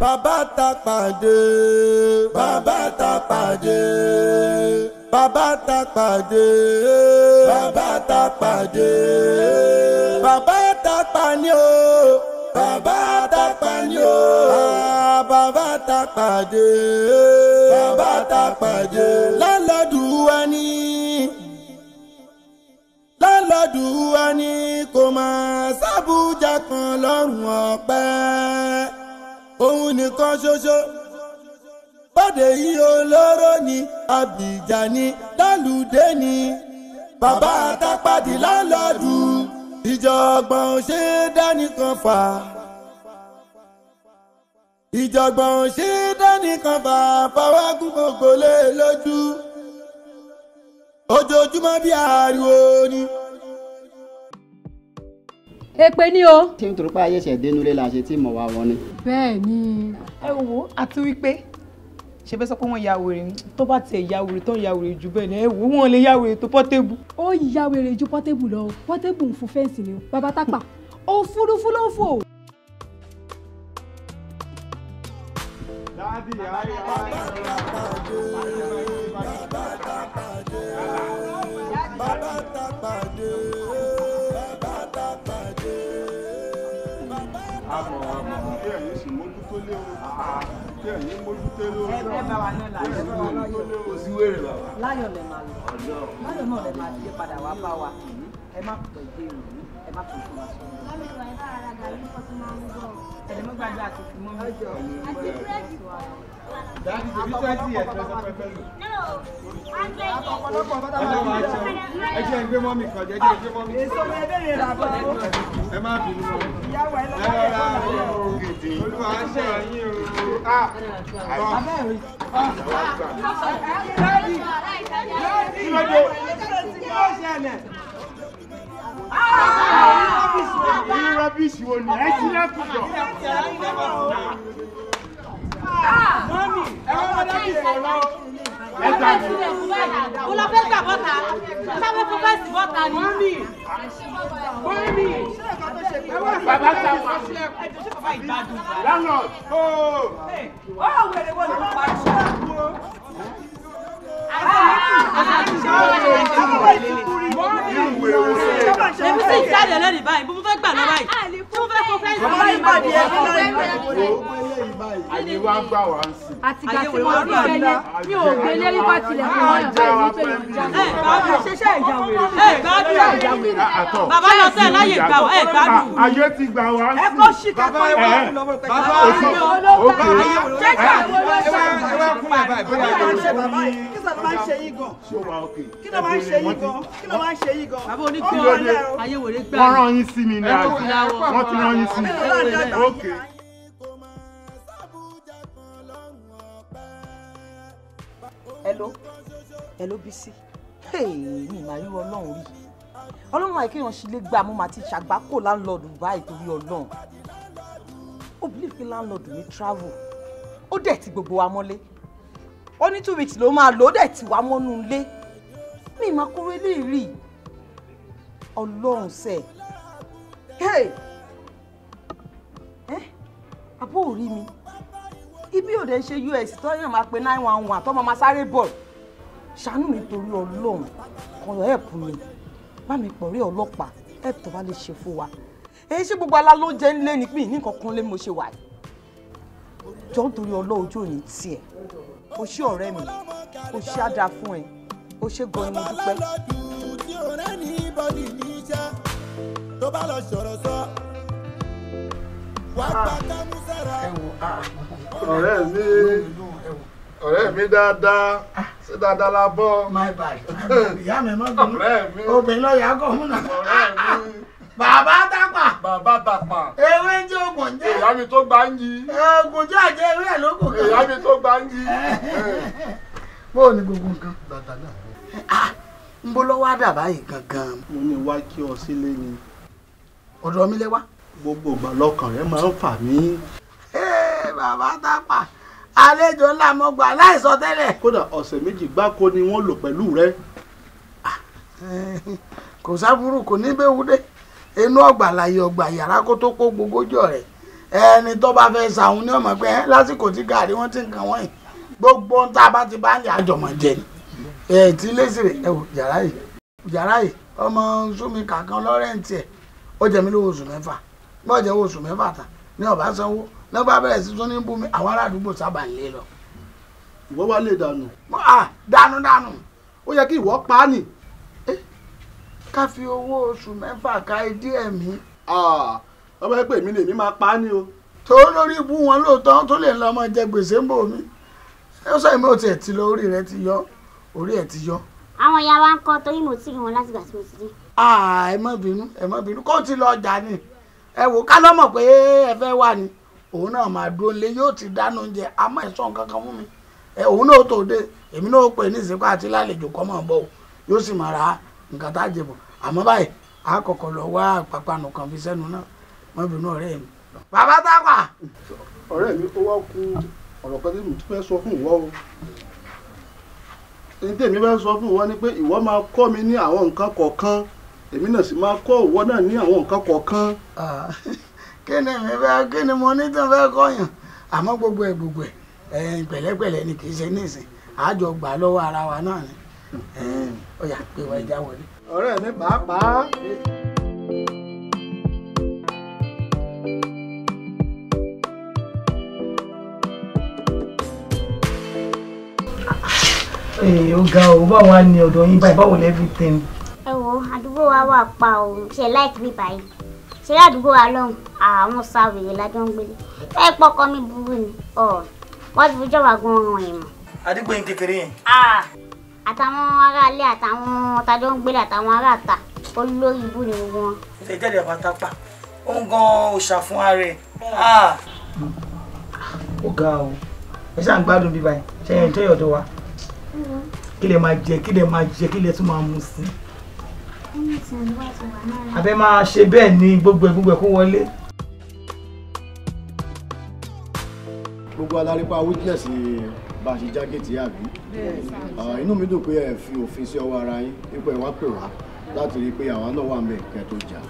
bàbá ta pàdé bàbá ta pàdé bàbá ta pàdé bàbá ta pàdé bàbá ta pàní o bàbá ta pàní o ah, bàbá ta pàdé bàbá ta pàdé lálọ́dúnwá ni lálọ́dúnwá ni kò máa sábújà kan lọ́rùn ọ̀pẹ́ òun nìkan ṣoṣo bọ́dé yìí olóró ni àbíjà ni lálùdé ni bàbá àtàpàdé lálọ́dù ìjọ̀gbọ̀n ṣe dánìkan fà ìjọ̀gbọ̀n ṣe dánìkan fà fáwágùn gbogbo lé lójú ojoojúmọ́ bí ariwo ni èpè ni o. ṣé nítorí pé ayé ṣẹ̀dé nulẹ̀ la ṣe tí mọ̀ wá wọn ni. bẹ́ẹ̀ ni. ẹ wo àti wípé ṣe fẹ́ sọ pé wọ́n ya wèrè ni tó bá tiẹ̀ ya wèrè tó ń ya wèrè jù bẹ́ẹ̀ ni ẹ wo wọn lè ya wèrè tó pọ́tébù. ó ya wèrè ju pọ́tébù lọ pọ́tébù ń fún fẹ́ǹsì ni bàbá tápà òfurufú ló ń fò. dádì ayé ayé ayé ayé ayé. ẹgbẹ́ bá wa náà láyọ̀ láyọ̀ lè máa lọ láyọ̀ náà lè máa dé padà wá bá wa ẹ má pẹ̀lú ẹ má pẹ̀lú wa ẹ̀lẹ́mú rọ́bìṣì wo ni ẹ sílẹ̀ kùtọ̀. mọ́mì ẹ wọ́n mọ́ dábì sọ̀rọ̀. ẹ gbà mí. mo lọ fẹ́ gbà bọ́ta sábẹ́ fún bẹ́ẹ̀sì bọ́ta ni. mọ́mì mọ́mì bàbá ta wà. lánàá. ó wèrè wo ló ń pariwo. àti àti àti. lẹ́lẹ́rìí báyìí bó mo fẹ́ gbà lọ báyìí. Ah, ah, ọmọ ìbàdí ẹbí bàbá ṣẹṣẹ ìjà wèrè gbà wá ayé ti gbà wá ẹ kó ṣì kẹ́kọ̀ọ́ ìwé olówó bàbá mi olówó bàbá ṣẹṣẹ àwọn olóṣèlú kí ló máa ń ṣe yín kí ló máa ń ṣe yín gan kí ló máa ń ṣe yín gan. bàbá onígbò ayé wèrè gbà. wọ́n rán yín sí mi ní àjò wọ́n ti rán yín sí mi hello hello Bisi mi máa rí ọlọ́run rí ọlọ́run àìkéèyàn sì lè gbà mú màá ti ṣàgbákò láńlọ́ọ̀dù báyìí torí ọlọ́run ó believe pé láńlọ́ọ̀dù ní travel ó dẹ̀ ti gbogbo wa mọ́lé ó ní two weeks ló máa lò ó dẹ̀ ti wá mọ́nú ilé mi máa kúrò eléyìí rí ọlọ́run sẹ́ẹ̀ bó rí mi ibi òde ṣe us tó yàn máa pe nine one one tó máa sáré bọ̀ ṣàánú mi torí ọlọ́run ọ̀rọ̀ ẹ̀kú mi bá mi pọ̀ rí ọlọ́pàá ẹ̀ tó bá lè ṣe fún wa èyí ṣé gbogbo alá ló jẹ́ nílé nípìn ní kankan lé mo ṣe wà yìí jọ nítorí ọlọ́run ojú òní tiẹ̀ o ṣé ọ̀rẹ́ mi o ṣé àdá fún ẹ o ṣé gan-an mo dúpẹ́. tó bá lọ sọ̀rọ̀ sọ ọ̀rẹ́ mi ọ̀rẹ́ mi dáadáa ṣé dáadáa la bọ́. my bad ìyá mi mọ́ bínú obìnrin lọ́ọ̀yà gọ̀ọ́mù náà. ọ̀rẹ́ mi. bàbá tàpá. bàbá tàpá. ewé ń jẹ́ oògùn jẹ́. ìyá mi tó gbá ń yí. oògùn jẹ́ àjẹ́ ewé ẹ̀ ló kò kàn. ìyá mi tó gbá ń yí. bóò ni gbogbo nǹkan. ń bọ́ lọ́wọ́ àdàbà yìí gangan. mo ní wá kí ọ sílé ni. ọ̀dọ̀ mi lẹ́wà gbogbo ìgbà lọkàn rẹ máa ń fà mí. bàbá tápà àlejò ńlá mo gbà láìsọ tẹ́lẹ̀. kódà ọ̀sẹ̀ méjì gbáko ni wọ́n lò pẹ̀lú rẹ. Ah, kò sábúrú kò ní bẹ́ẹ̀ wúdé inú ọgbà láyé ọgbà yàrá kó tó kó gbogójọ rẹ ẹni tó bá fẹ́ sàún ní ọmọ pé lásìkò tí gàrí wọn ti ń kàn wọ́n yìí gbogbo ohun tá a bá ti bá ń yà àjọmọ̀ jẹ ni ẹ ti léṣe rẹ ẹ wò yàrá yìí yàrá yìí ọmọ súnmi kàkan lọ́rẹ́ǹtì ẹ̀ ó jẹ mí lówó oṣù mẹ́fà bí ọ̀jẹ̀ wo oṣù mẹ́fà tán ní ọ̀bá sanwó náà bá bẹ̀rẹ̀ sí tún ní bú mi àwọn ará àdúgbò sábà ń lé lọ. ìwọ wá lè dànù. dànù dànù. ó yẹ kí ìwọ pa á nì. ká fi owó oṣù mẹ́fà ka ìdí ẹ̀mí. ọmọ ẹgbẹ́ mi lèmi máa pa á ní o. tó lórí ibú wọn lóòótọ́ tó lè lọ ọmọ jẹ gbèsè ń bò mí. ó sọ èmi ò tiẹ̀ ti lọ orí rẹ ti yọ orí ẹ ti yọ. àwọn ìyá wa ń kọ́ torí mo ti rí wọn látìgbà tí mo ti dé. ẹ má bínú ẹ má bínú kó o ti lọ ọjà ni. ẹ wò ká lọ́mọ̀ pé ẹ fẹ́ wà ní òun náà máa dúró ti dáná oúnjẹ àmọ́ ẹ̀sọ́ fún mi ẹ òun náà tó dé èmi náà pè ní ìsìnkú àti lálejò kọ́ bọ̀ o yóò sì máa ra nǹkan tá a jẹ àmọ́ báyìí a kọ́kọ́ lọ wá àpapànù kan fi sẹ́nu náà wọ́n bínú ọ̀rẹ́ kan tí mo ti fẹ́ o ní tèmi fẹ́ sọ fún ìwọ ni pé ìwọ máa kọ́ mi ní èmi náà sì máa kọ́ òwò náà ní àwọn nǹkan kọ̀ọ̀kan. kí ni mi fẹ́ kí ni mo ní tó fẹ́ kọ́yàn àmọ́ gbogbo ẹ̀ gbogbo ẹ̀ pẹ̀lẹ́pẹ̀lẹ́ ni kì í ṣe nísìn àjọ gbà lọ́wọ́ ara wa náà ni ó yá pé wá ẹja wọlé. ọ̀rẹ́ mi pàápàá. ọ̀gá ò báwa ni ọ̀dọ̀ yín báyìí báwo lẹ́ẹ̀fì tẹ̀ mí àdúgbò wa wà pa òun ṣe láìkí bíbá yìí ṣe ládùúgbò wa lọ́hùn àwọn sáwèrè lájọ ń gbélé ẹ pọkọ mi burú ni ọ wọ́n ti fi jọba gan ọ̀ràn yìí mọ̀. adégbòyìn kékeré yẹn. àtàwọn aráalé àtàwọn tajọ ń gbélé àtàwọn aráàta olórí ibú ni gbogbo wọn. ṣe jáde àbáta pa ó ń gan òòṣà fún ara ẹ. ọ̀gá o ẹ ṣáà ń gbádùn bíbá yìí ṣẹ́yìn tó yọ̀dọ̀ wa mm-hmm. kí lè máa jẹ kí lè máa jẹ kí lè tún máa mu sí i abẹ́ máa ṣe bẹ́ẹ̀ ni gbogbo ẹ̀ gbogbo ẹ̀ kó wọlé. gbogbo alárípa witness bá a ṣe jágéètì àbí ah, inú mi dùn pé ẹ fi òfin sí ọwọ́ ara yín nípa ẹ wá pè wá láti rí i pé àwa náà wà ń bẹ tó jà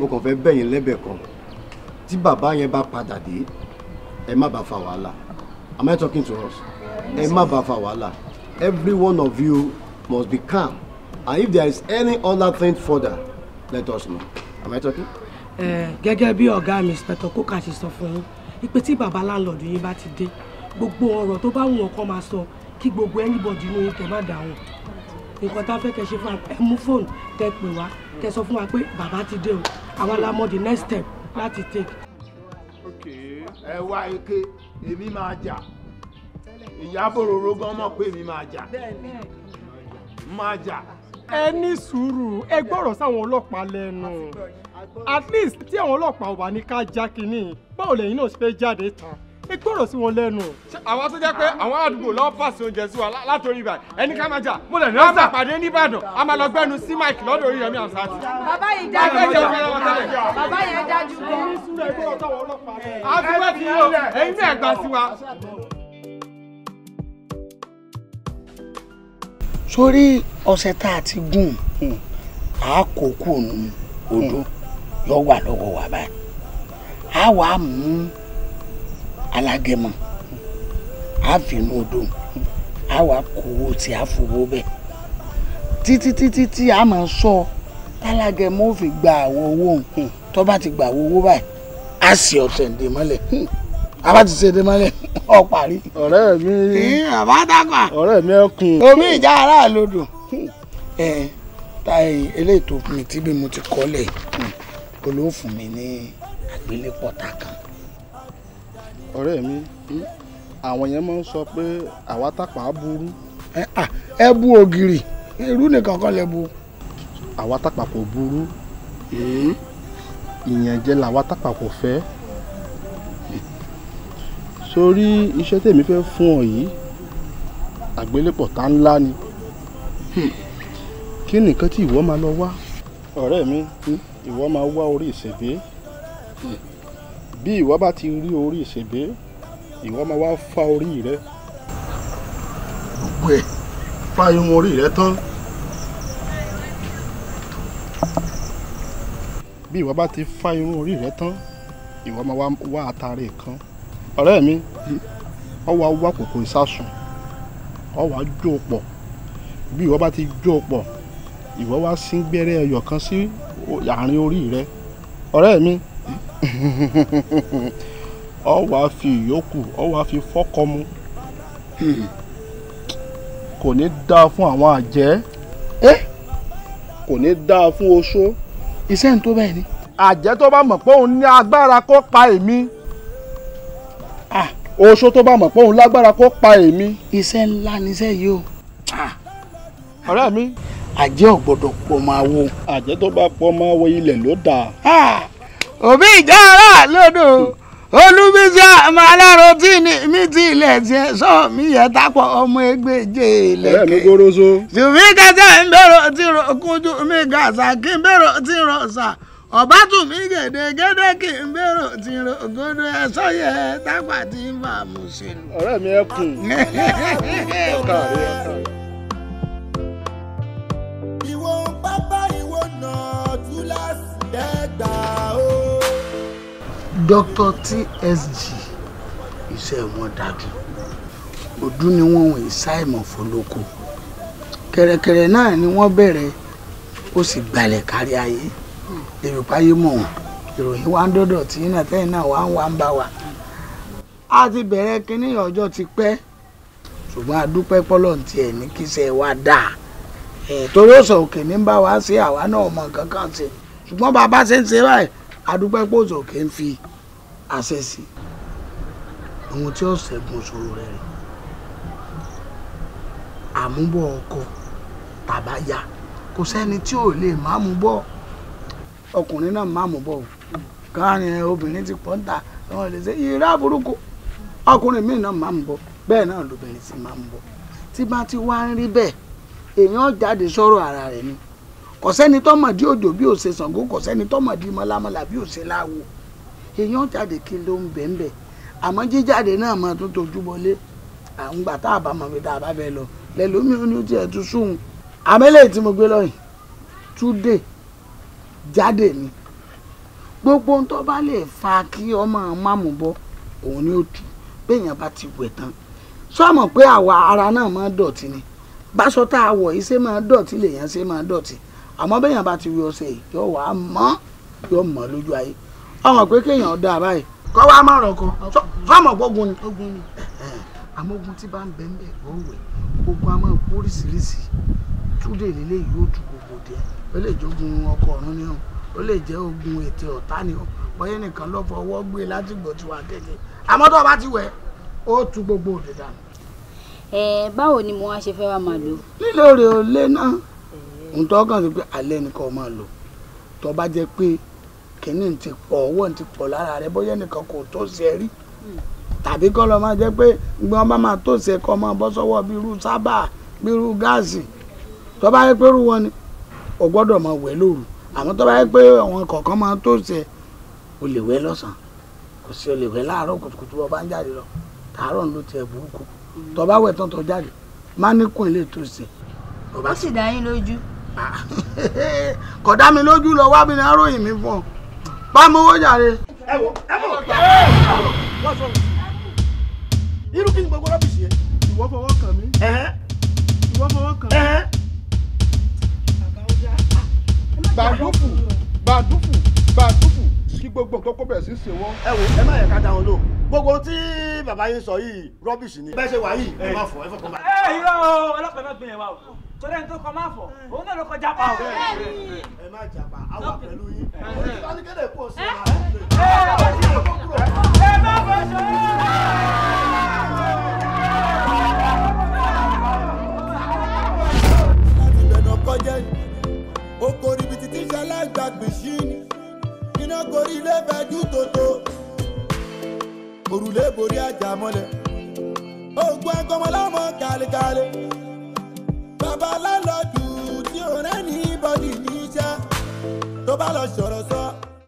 mo kàn fẹ́ bẹ̀ yín kan tí bàbá yẹn bá padà dé ẹ má bàa fa wàhálà am I talking to us ẹ má bàa fa wàhálà every one of you must be calm and if there is any other thing further let us know am I talking. Eh, gẹ́gẹ́ bí ọ̀gá mi inspector Coker ṣe sọ fún yín ipe tí bàbá láńlọ́ọ̀dù yín bá ti dé gbogbo ọ̀rọ̀ tó bá wù ọkọ máa sọ kí gbogbo anybody inú yín kẹ́ má dà wọn nǹkan tá a fẹ́ kẹ́ ṣe fún wa ẹ mú fóònù tẹ́ pè wá tẹ́ sọ fún wa pé bàbá ti dé o àwa la mọ the next step láti take. ẹ wá ike èmi máa jà ìyábòrò rogan mọ̀ pé èmi máa jà máa jà ẹ ní sùúrù ẹ gbọ́rọ̀ sáwọn ọlọ́pàá lẹ́nu at least tí àwọn ọlọ́pàá ò bá ní ká já kínní báwo lẹ́yìn náà ṣe fẹ́ jáde tán ẹ gbọ́rọ̀ sí wọn lẹ́nu. àwa tó jẹ́ pé àwọn àdúgbò lọ́ọ́ pàṣẹ oúnjẹ sí wa látòrí ibà ẹni ká máa jà mo lè ní ọ́sà pàdé nìbàdàn a máa lọ gbẹ́nu sí mike lọ́dọ̀ orí yẹmí àmsá ti. bàbá yìí dájú gan bàbá yẹn dájú gan. àti wẹ́ẹ̀tì yóò ẹ̀yin náà gbà sí wa. sórí ọṣẹ tá a ti gùn á hmm, kó kú òun odó hmm. yọ wà lọ́wọ́ wa báyìí a wàá mú alágẹmọ á fìnnú odó á wàá kó owó tí a fowó bẹ́ẹ̀ títí títí tí a máa sọ tálágẹmọ ò fi gba àwọn owó òun hmm, tó bá ti gba owó báyìí á sì ọ̀sẹ̀ ǹdè mọ́lẹ̀ àbá ti ṣe demọ́lẹ̀ ọ̀parí. ọ̀rẹ́ mi. àbá dàgbà. ọ̀rẹ́ mi ẹkùn. omi ìjà aráàlú dùn. ẹ ta eléyìí tó mi tí bí mo ti kọ́lẹ̀ olóòfù mi ní àgbélépọ̀tà kan. ọ̀rẹ́ mi àwọn yẹn máa ń sọ pé àwa tàpá burú. ẹ bu ògiri irú nìkan kan lè bu. àwa tàpá kò burú ìyànjẹ làwa tàpá kò fẹ́ sórí iṣẹ́ tèmi fẹ́ fún ọ yìí àgbélépọ̀ tá ńlá ni hmm. kí nìkan tí ìwọ máa lọ wá. ọ̀rẹ́ mi ìwọ máa wá orí ìṣègbè hmm. bí ìwọ bá ti rí orí ìṣègbè ìwọ máa wá fa orí rẹ. gbogbo ẹ̀ fa irun orí rẹ tán. bí ìwọ bá ti fa irun orí rẹ tán ìwọ máa wá àtàrẹ kan ọ̀rẹ́ mi ọwọ́ awúwá kòkò ìsásùn ọwọ́ ajó pọ̀ bí ìwọ bá ti jó pọ̀ ìwọ wá sín gbẹ́rẹ́ ẹyọ kan sí àárín orí rẹ ọ̀rẹ́ mi ọwọ́ àfi ìyókù ọwọ́ àfi fọ́kọ mu kò ní dáa fún àwọn àjẹ́ kò ní dáa fún oṣó iṣẹ́ ń tó bẹ́ẹ̀ ni. àjẹ́ tó bá mọ̀ pé òun ní agbára kó pa èmi oṣó tó bá mọ̀ pé òun lágbára kó pa èmi. iṣẹ́ ńlá niṣẹ́ yìí o. Ah. ọ̀rẹ́ mi. àjẹ́ ò gbọ́dọ̀ pọ̀ máa wo. àjẹ́ tó bá pọ̀ máa wo ilẹ̀ ló dà. Ah. òbí ìjà ara lódò olùbíṣà màláró tí ni mi ti ilẹ̀ tiẹ̀ sọ mi yẹ tápọ̀ ọmọ ẹgbẹ́ jẹ́ ilẹ̀ kẹ́. ọ̀rẹ́ mi gbóró so. tùmí kẹta ń bẹ̀rọ̀ tí ro kújú mi gàṣà kí ń bẹ̀rọ̀ tí ro ọ̀bátùmí gèdè gèdè kì í bèrò tí ro ògodo ẹ sọ́yẹ tápà tí ń bá mú sí i. ọ̀rẹ́ mi ẹ kùn káàrí pápá ìwọ náà túláàsì dẹ́gbà o. Dr. TSG iṣẹ́ wọn dájú ọdún ni wọ́n wọ̀nyí sáìmọ̀ fọlọ́kọ kẹ̀rẹ̀kẹ̀rẹ̀ náà ni wọ́n bẹ̀rẹ̀ ó sì gbalẹ̀ kárí ayé èrò páyé mọ̀ ọ́n ìròyìn wa ń dọ́dọ̀ tí iná tẹ́yìn náà wà ń wà ń bá wa. a ti bẹ̀rẹ̀ kínní ọjọ́ ti pẹ́ ṣùgbọ́n a dúpẹ́ pọ́lọ̀ tí ẹ̀ ní kíṣẹ́ wa dà torí òsò òkè ní bá wa ṣe àwa náà mọ̀ nǹkan kan ṣe ṣùgbọ́n bàbá ṣe ń ṣe báyìí a dúpẹ́ pé òsò òkè ń fi àṣẹ sí ohun tí ó ṣẹ́gun ṣòro rẹ̀ rẹ̀ àmúbọ̀ ọkọ tàbá ya kò sẹ́ni tí ò lè má mú bọ́ ọkùnrin náà má mú bọ̀ o káàrin obìnrin ti pọ̀ ń ta àwọn lè ṣe ìrá burúkú ọkùnrin míì náà má mú bọ̀ bẹ́ẹ̀ náà lóbìnrin sì má mú bọ̀ tí bá ti wá ń rí bẹ́ẹ̀ èèyàn jáde sọ̀rọ̀ ara rẹ̀ ni kò sẹ́ni tó mọ̀ dí òjò bí ó ṣe Ṣàngó kò sẹ́ni tó mọ̀ dí mọ́lámọ́lá bí ó ṣe láwo èèyàn jáde kí ló ń bẹ̀ ń bẹ̀ àmọ́ jíjáde náà mọ̀ tó tojú bọlé àwọn gbà tá a bá mọ̀ pé tá a bá bẹ́ẹ̀ lọ lẹ́lómi ó ní ó tiẹ̀ tún sóhun àmẹ́lẹ̀ tí mo gbé lọ́yìn túdé jáde ni gbogbo ohun tó bá lè fa kí ọmọ máàmù bọ òun ni ó tù béèyàn bá ti wẹ̀ tán sọ́mọ pé àwa ara náà máa dọ̀tí ni báṣọ tá a wọ̀ iṣẹ́ máa dọ̀tí lèèyàn ṣe máa dọ̀tí àmọ́ béèyàn bá ti wí ọṣẹ yìí yóò wá mọ́ yóò mọ́ lójú ayé ọmọ pé kéèyàn dá a báyìí kọ́ wa máa rọ̀ kan sọ́mọ gbógun ni àmọ́ ogun tí bá ń bẹ̀ ń bẹ̀ ogun a máa kú oríṣiríṣi túdé lélẹ́yìí yóò tu gbogbo dẹ́ ó lè jogun ọkọ̀ ọ̀run ni o ó lè jẹ́ ogun ètè ọ̀tá ni o bọ́yẹ́ nìkan ló fọwọ́ gbé e láti gbò tí wàá kéde àmọ́ tó o bá ti wẹ̀ ó tu gbogbo òde dànù. ẹ báwo ni mo wá ṣe fẹ́ wá máa lò. lílo rẹ̀ ò lé náà nǹkan kan sí pé alẹ́ nìkan máa lò tó bá jẹ́ pé kìnnìún ti pọ̀ owó ti pọ̀ lára rẹ̀ bọ́yẹ́ nìkan kò tó ṣe rí hmm. tàbí kọ́ lọ́ọ́ máa jẹ́ pé gbọ́n bá máa tó ṣe kọ́ máa bọ́ sọ́wọ́ bí irú sábà bí irú gáàsì tó bá yẹ pé irú wọn ni o gbọ́dọ̀ máa wẹ̀ lóru àmọ́ tó bá yẹ pé àwọn kọ̀ọ̀kan máa tó ṣe o lè wẹ̀ lọ́sàn-án kò sí o lè wẹ̀ láàárọ̀ kùtùkùtù ọba ń jáde lọ tààrọ̀ ń lo tiẹ̀ burúkú tó bá wẹ̀ tán tó jáde má ní kùn ilé tó ṣe. ó sì dá yín lójú. kò dá mi lójú lọ wá mi ní aróyìn mi fún ọ bá mi owó jàre. ẹ wọ ẹ bọ wọ́n sọ irú kí ni gbogbo rọ́bìsì yẹn ìwọ fọwọ́ kàn mí ìwọ fọwọ́ kàn mí gbàdúfù gbàdúfù gbàdúfù kí gbogbo nǹkan kó bẹ̀rẹ̀ sí ṣe wọ́n. ẹ wo ẹ má yẹ ká da wọn lò gbogbo tí bàbá yín sọ yìí rọ́bìṣì ni. bẹ́ẹ̀ ṣe wà yìí ẹ má fọ ẹ fọkàn bá. ẹ irọ́ ọlọ́pàá má gbìyànjú wa o torí ẹni tó kọ máa fọ òun náà ló kọ japa o. ẹ má japa àwa pẹ̀lú yín. ẹ ẹ ẹ ẹ ẹ